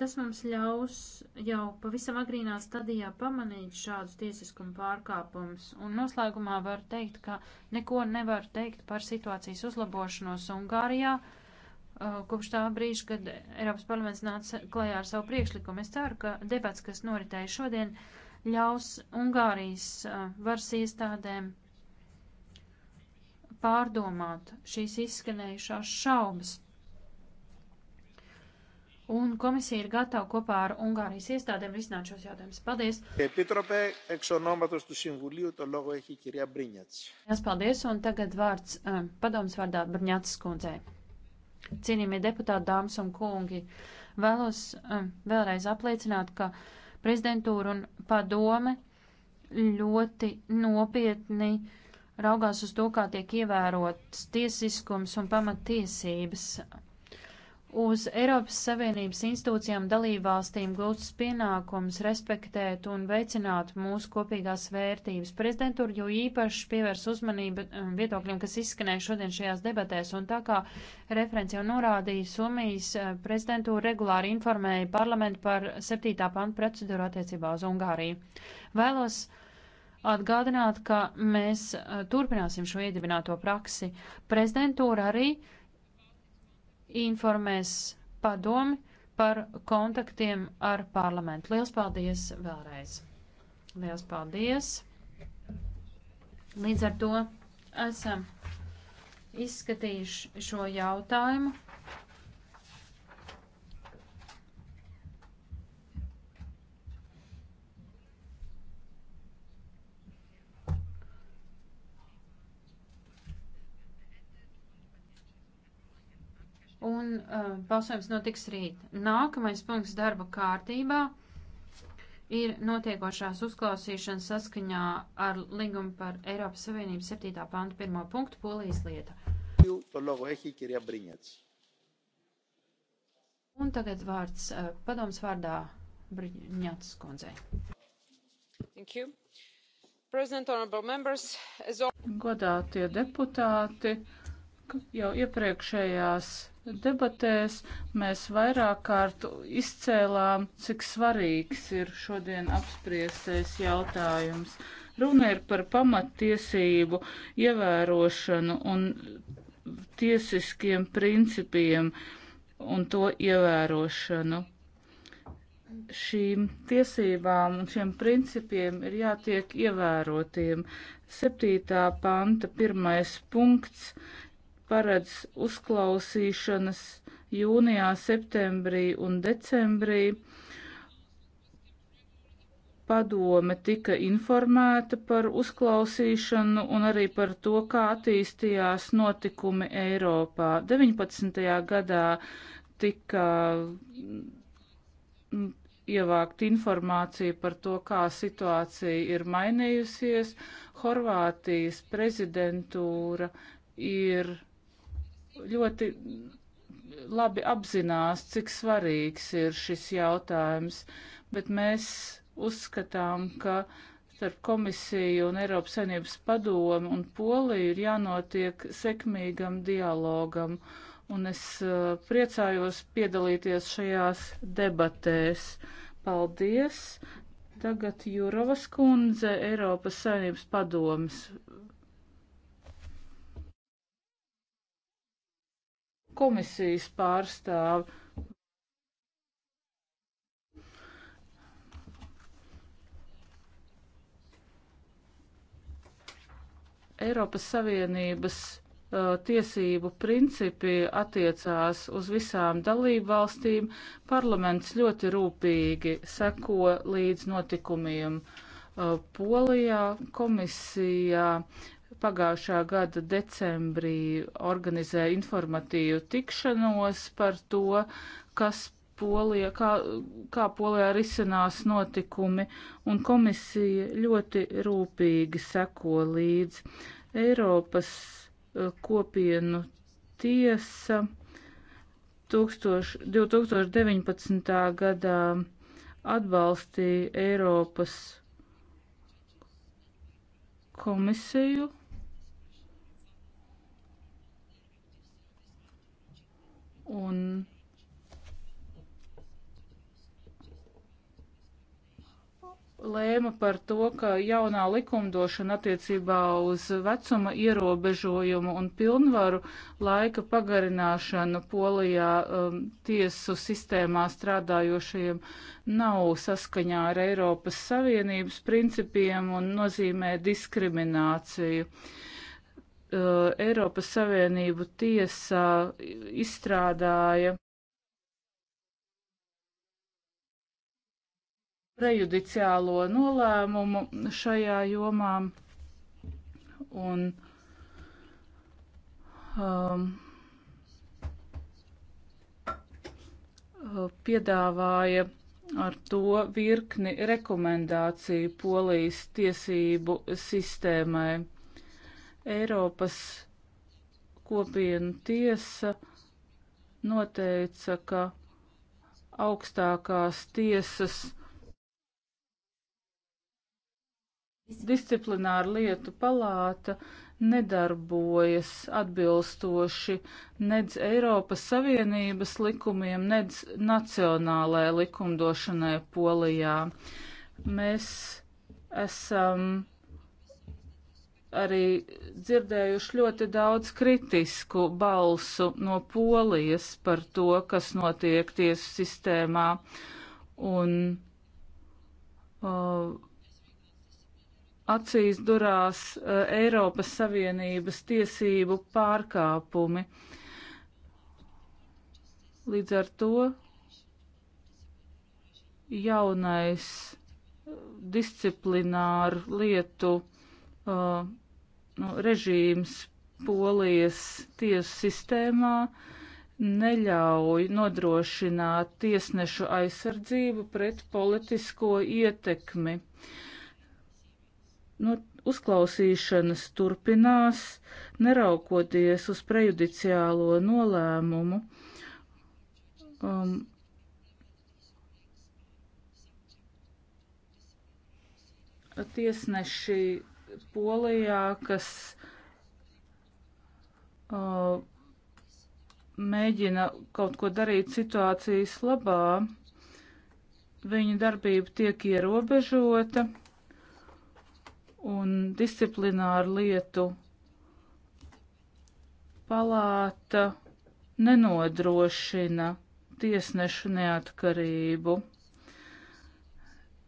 Tas mums ļaus jau pavisam agrīnā stadijā pamanīt šādus tiesiskuma pārkāpumus. Un noslēgumā var teikt, ka neko nevar teikt par situācijas uzlabošanos Ungārijā uh, kopš tā brīža, kad Eiropas parlaments nāca klajā ar savu priekšlikumu. Es ceru, ka debats, kas noritēja šodien, ļaus Ungārijas uh, varas iestādēm pārdomāt šīs izskanējušās šaubas un komisija ir gatava kopā ar Ungārijas iestādēm risināt šos jautājumus. Paldies! Epitropē, eks onomatos tu simvuliju, to logo ehi kirjā Briņats. Jās paldies, un tagad vārds um, eh, padoms vārdā Briņats kundzei. Cienījamie deputāti, dāmas un kungi, vēlos um, vēlreiz apliecināt, ka prezidentūra un padome ļoti nopietni raugās uz to, kā tiek ievērots tiesiskums un pamatiesības uz Eiropas Savienības institūcijām dalībvalstīm gūtas pienākums respektēt un veicināt mūsu kopīgās vērtības. Prezidentūra jau īpaši pievērs uzmanību eh, viedokļiem, kas izskanēja šodien šajās debatēs, un tā kā referents jau norādīja, Somijas eh, prezidentūra regulāri informēja parlamentu par 7. pantu procedūru attiecībā uz Ungāriju. Vēlos atgādināt, ka mēs eh, turpināsim šo iedibināto praksi. Prezidentūra arī uh, informēs padomi par kontaktiem ar parlamentu. Lielas paldies vēlreiz! Lielas paldies! Līdz ar to esam izskatījuši šo jautājumu. un uh, balsojums notiks rīt. Nākamais punkts darba kārtībā ir notiekošās uzklausīšanas saskaņā ar līgumu par Eiropas Savienības 7. pantu 1. punktu polijas lieta. Un tagad vārds uh, padoms vārdā Briņāts kundzei. Thank you. President, honorable members, as all... Godātie deputāti, jau iepriekšējās debatēs mēs vairāk kārt izcēlām, cik svarīgs ir šodien apspriestais jautājums. Runa ir par pamattiesību ievērošanu un tiesiskiem principiem un to ievērošanu. Šīm tiesībām un šiem principiem ir jātiek ievērotiem. 7. panta pirmais punkts paredz uzklausīšanas jūnijā, septembrī un decembrī. Padome tika informēta par uzklausīšanu un arī par to, kā attīstījās notikumi Eiropā. 19. gadā tika mm, ievākt informāciju par to, kā situācija ir mainījusies. Horvātijas prezidentūra ir ļoti labi apzinās, cik svarīgs ir šis jautājums, bet mēs uzskatām, ka starp komisiju un Eiropas Savienības padomu un Poliju ir jānotiek sekmīgam dialogam, un es uh, priecājos piedalīties šajās debatēs. Paldies! Tagad Jurovas kundze Eiropas Savienības padomas komisijas pārstāv. Eiropas Savienības uh, tiesību principi attiecās uz visām dalību valstīm. Parlaments ļoti rūpīgi seko līdz notikumiem uh, Polijā, komisijā pagājušā gada decembrī organizēja informatīvu tikšanos par to, kas Polija, kā, kā Polijā risinās notikumi, un komisija ļoti rūpīgi seko līdz Eiropas eh, kopienu tiesa 1000, 2019. gadā atbalstīja Eiropas komisiju Un lēma par to, ka jaunā likumdošana attiecībā uz vecuma ierobežojumu un pilnvaru laika pagarināšanu polijā um, tiesu sistēmā strādājošajiem nav saskaņā ar Eiropas Savienības principiem un nozīmē diskrimināciju. Uh, uh, Eiropas Savienību tiesā izstrādāja prejudiciālo nolēmumu šajā jomā. Un, um, piedāvāja ar to virkni rekomendāciju polijas tiesību sistēmai. Eiropas kopienu tiesa noteica, ka augstākās tiesas disciplināra lietu palāta nedarbojas atbilstoši nedz Eiropas Savienības likumiem, nedz nacionālajai likumdošanai Polijā. Mēs esam. Um, arī dzirdējuši ļoti daudz kritisku balsu no polijas par to, kas notiek tiesu sistēmā. Un uh, acīs durās uh, Eiropas Savienības tiesību pārkāpumi. Līdz ar to jaunais disciplināru lietu uh, nu, režīms polijas tiesu sistēmā neļauj nodrošināt tiesnešu aizsardzību pret politisko ietekmi. Nu, uzklausīšanas turpinās, neraukoties uz prejudiciālo nolēmumu. Um, tiesneši Polijā, kas uh, mēģina kaut ko darīt situācijas labā. Viņa darbība tiek ierobežota un disciplināru lietu palāta nenodrošina tiesnešu neatkarību.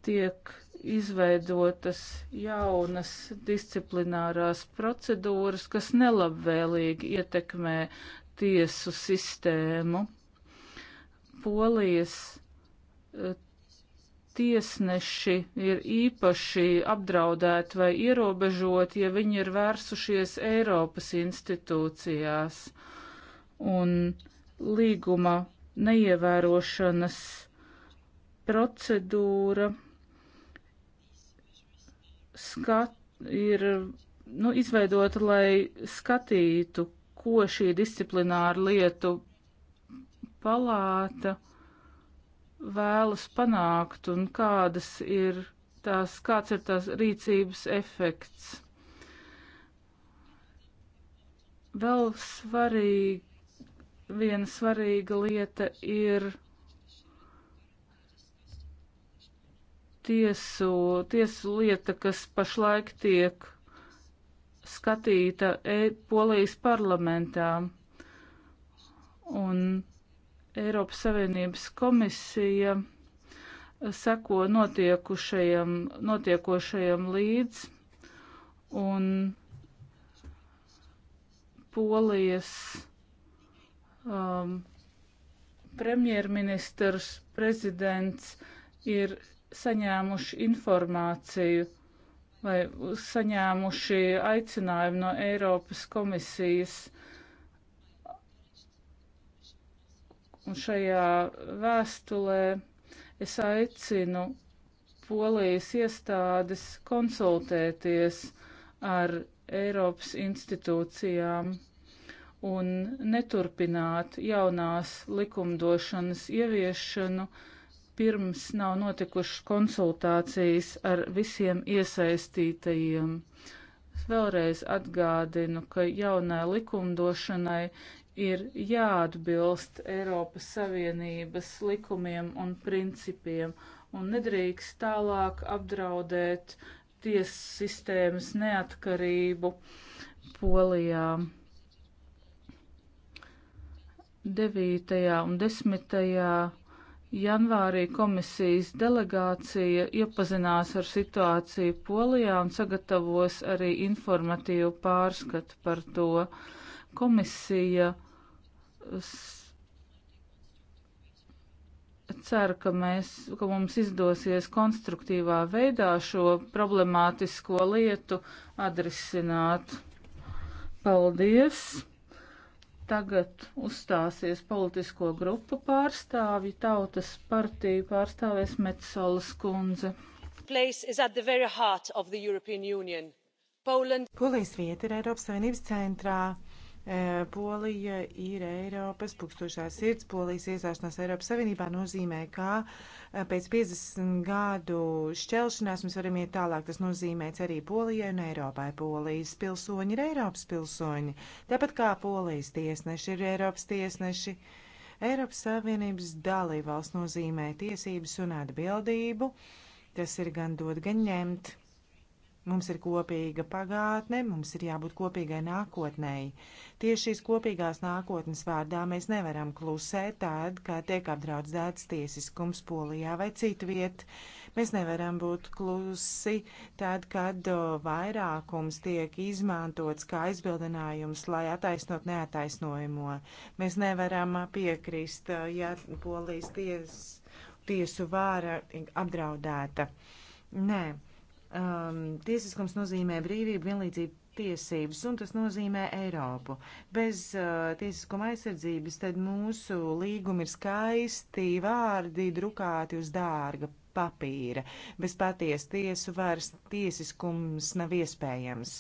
Tiek izveidotas jaunas disciplinārās procedūras, kas nelabvēlīgi ietekmē tiesu sistēmu. Polijas eh, tiesneši ir īpaši apdraudēti vai ierobežoti, ja viņi ir vērsušies Eiropas institūcijās. Un līguma neievērošanas procedūra skat, ir nu, izveidota, lai skatītu, ko šī disciplināra lietu palāta vēlas panākt un kādas ir tās, kāds ir tās rīcības efekts. Vēl svarīgi, viena svarīga lieta ir tiesu, tiesu lieta, kas pašlaik tiek skatīta e Polijas parlamentā. Un Eiropas Savienības komisija seko notiekušajam, notiekošajam līdz un Polijas um, premjerministrs, prezidents ir saņēmuši informāciju vai saņēmuši aicinājumu no Eiropas komisijas. Un šajā vēstulē es aicinu polijas iestādes konsultēties ar Eiropas institūcijām un neturpināt jaunās likumdošanas ieviešanu, uh, pirms nav notikušas konsultācijas ar visiem iesaistītajiem. Es vēlreiz atgādinu, ka jaunai likumdošanai ir jāatbilst Eiropas Savienības likumiem un principiem un nedrīkst tālāk apdraudēt tiesu sistēmas neatkarību Polijā. 9. un 10 Janvārī komisijas delegācija iepazinās ar situāciju Polijā un sagatavos arī informatīvu pārskatu par to. Komisija cer, ka, mēs, ka mums izdosies konstruktīvā veidā šo problemātisko lietu atrisināt. Paldies! Tagad uzstāsies politisko grupu pārstāvji, tautas partiju pārstāvēs Metsolas kundze. Polijas vieta ir Eiropas Savienības centrā. Polija ir Eiropas pukstošā sirds. Polijas iestāšanās Eiropas Savienībā nozīmē, ka pēc 50 gadu šķelšanās mēs varam iet tālāk. Tas nozīmē arī Polijai un Eiropai. Polijas pilsoņi ir Eiropas pilsoņi, tāpat kā Polijas tiesneši ir Eiropas tiesneši. Eiropas Savienības dalībvalsts nozīmē tiesības un atbildību. Tas ir gan dot, gan ņemt. Mums ir kopīga pagātne, mums ir jābūt kopīgai nākotnēji. Tieši šīs kopīgās nākotnes vārdā mēs nevaram klusēt tād, kā tiek apdraudzēts tiesiskums Polijā vai citviet. Mēs nevaram būt klusi tad, kad vairākums tiek izmantots kā aizbildinājums, lai attaisnot neattaisnojamo. Mēs nevaram piekrist, ja Polijas ties, tiesu vāra apdraudēta. Nē. Um, tiesiskums nozīmē brīvību, vienlīdzību, tiesības, un tas nozīmē Eiropu. Bez uh, tiesiskuma aizsardzības tad mūsu līgumi ir skaisti vārdi drukāti uz dārga papīra. Bez paties tiesu vairs tiesiskums nav iespējams.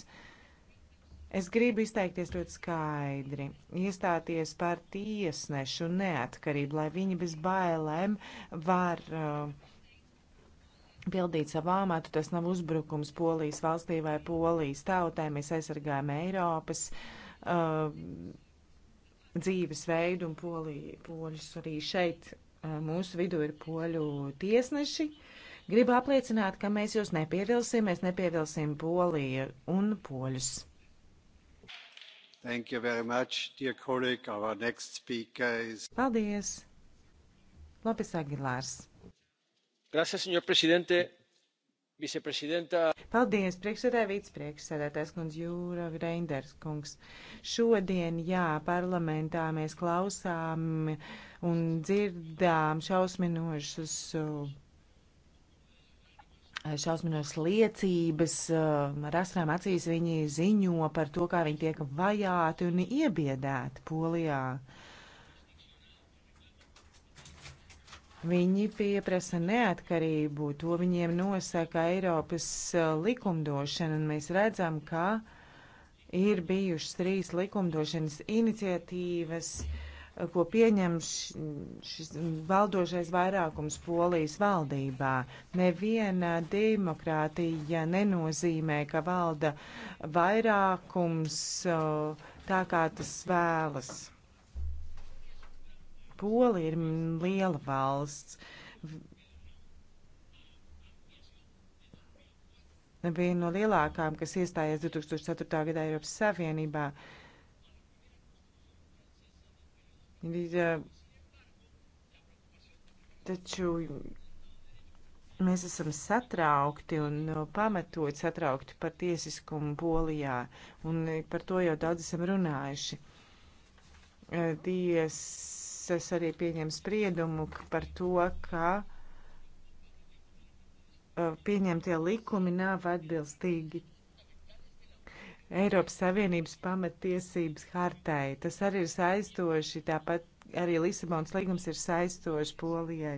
Es gribu izteikties ļoti skaidri, iestāties par tiesnešu neatkarību, lai viņi bez bailēm var uh, pildīt savu amatu. Tas nav uzbrukums Polijas valstī vai Polijas tautai. Mēs aizsargājam Eiropas uh, dzīvesveidu un poliju, poļus arī šeit. Uh, mūsu vidū ir poļu tiesneši. Gribu apliecināt, ka mēs jūs nepievilsim, mēs nepievilsim Poliju un poļus. Thank you very much, dear colleague. Our next speaker is. Paldies! Lopes Aguilārs señor presidente. Viceprezidenta. Paldies, priekšsēdētāji, vicepriekšsēdētājs kundz Jūra Reinders kungs. Šodien, jā, parlamentā mēs klausām un dzirdām šausminošas, eh, šausminošas liecības. Eh, ar asrām acīs viņi ziņo par to, kā viņi tiek vajāti un iebiedēti Polijā. Uh, Viņi pieprasa neatkarību, to viņiem nosaka Eiropas eh, likumdošana, un mēs redzam, ka ir bijušas trīs likumdošanas iniciatīvas, eh, ko pieņem šis valdošais vairākums polijas valdībā. Neviena demokrātija nenozīmē, ka valda vairākums eh, tā, kā tas vēlas. Polija ir liela valsts. Viena no lielākām, kas iestājās 2004. gadā Eiropas Savienībā, ir. Eh, taču mēs esam satraukti un pamatot satraukti par tiesiskumu Polijā, un par to jau daudz esam runājuši. Eh, Tiesa tiesas arī pieņem spriedumu par to, ka uh, pieņemtie likumi nav atbilstīgi Eiropas Savienības pamatiesības hartai. Tas arī ir saistoši, tāpat arī Lisabonas līgums ir saistošs Polijai.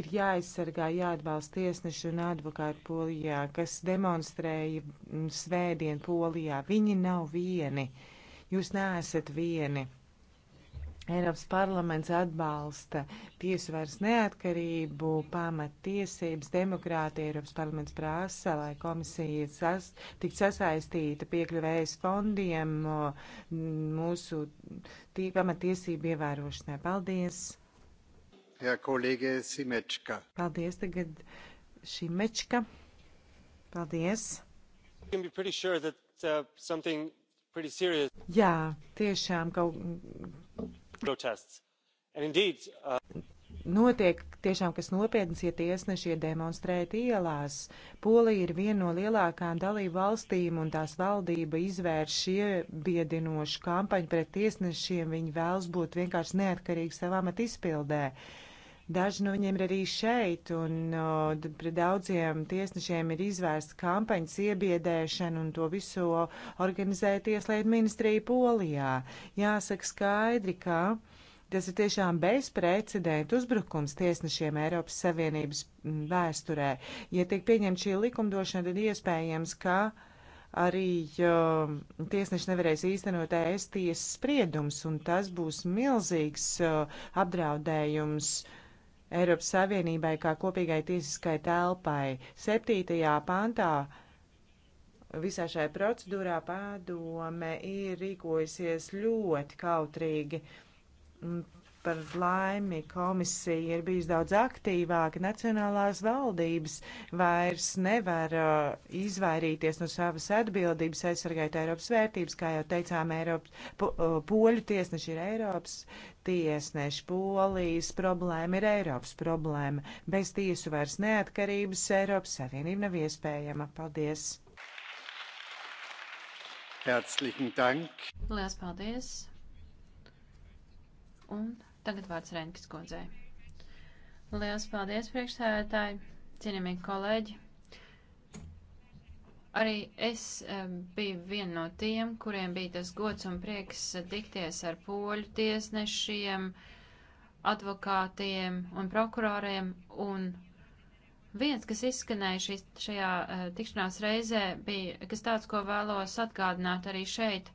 Ir jāaizsargā, jāatbalsta tiesneši un advokāti Polijā, kas demonstrēja svētdien Polijā. Viņi nav vieni. Uh, Jūs neesat vieni. Eiropas parlaments atbalsta tiesu vairs neatkarību, pamattiesības, demokrātija. Eiropas parlaments prasa, lai komisija sas, tik sasaistīta piekļuvējas fondiem mūsu tī, pamattiesību ievērošanai. Paldies! Jā, kolēģe Simečka. Paldies tagad Šimečka. Paldies! Jā, tiešām kaut. Indeed, uh... Notiek tiešām kas nopietnas, ja tiesnešie demonstrēt ielās. Polija ir viena no lielākām dalību valstīm, un tās valdība izvērš iebiedinošu kampaņu pret tiesnešiem. Viņi vēlas būt vienkārši neatkarīgi savām atizpildē. izpildē Daži no viņiem ir arī šeit, un uh, pret daudziem tiesnešiem ir izvērsta kampaņas iebiedēšana, un to visu organizē Tieslietu ministrija Polijā. Jāsaka skaidri, ka tas ir tiešām bezprecedenta uzbrukums tiesnešiem Eiropas Savienības vēsturē. Ja tiek pieņemta šī likumdošana, tad iespējams, ka arī uh, tiesneši nevarēs īstenot ēst tiesas spriedums, un tas būs milzīgs uh, apdraudējums uh, Eiropas Savienībai kā kopīgai tiesiskai telpai. Septītajā pantā visā šajā procedūrā padome ir rīkojusies ļoti kautrīgi. Par laimi komisija ir bijusi daudz aktīvāka. Nacionālās valdības vairs nevar uh, izvairīties no savas atbildības aizsargāt Eiropas vērtības. Kā jau teicām, Eiropas, po, uh, poļu tiesneši ir Eiropas tiesneši, polijas problēma ir Eiropas problēma. Bez tiesu vairs neatkarības Eiropas Savienība nav iespējama. Paldies! Herzlichen Dank! Lielas paldies! un Tagad vārds Renkas kundzei. Lielas paldies, priekšsēdētāji, cienījamie kolēģi. Arī es biju viena no tiem, kuriem bija tas gods un prieks tikties ar poļu tiesnešiem, advokātiem un prokuroriem un Viens, kas izskanēja šis, šajā uh, tikšanās reizē, bija kas tāds, ko vēlos atgādināt arī šeit.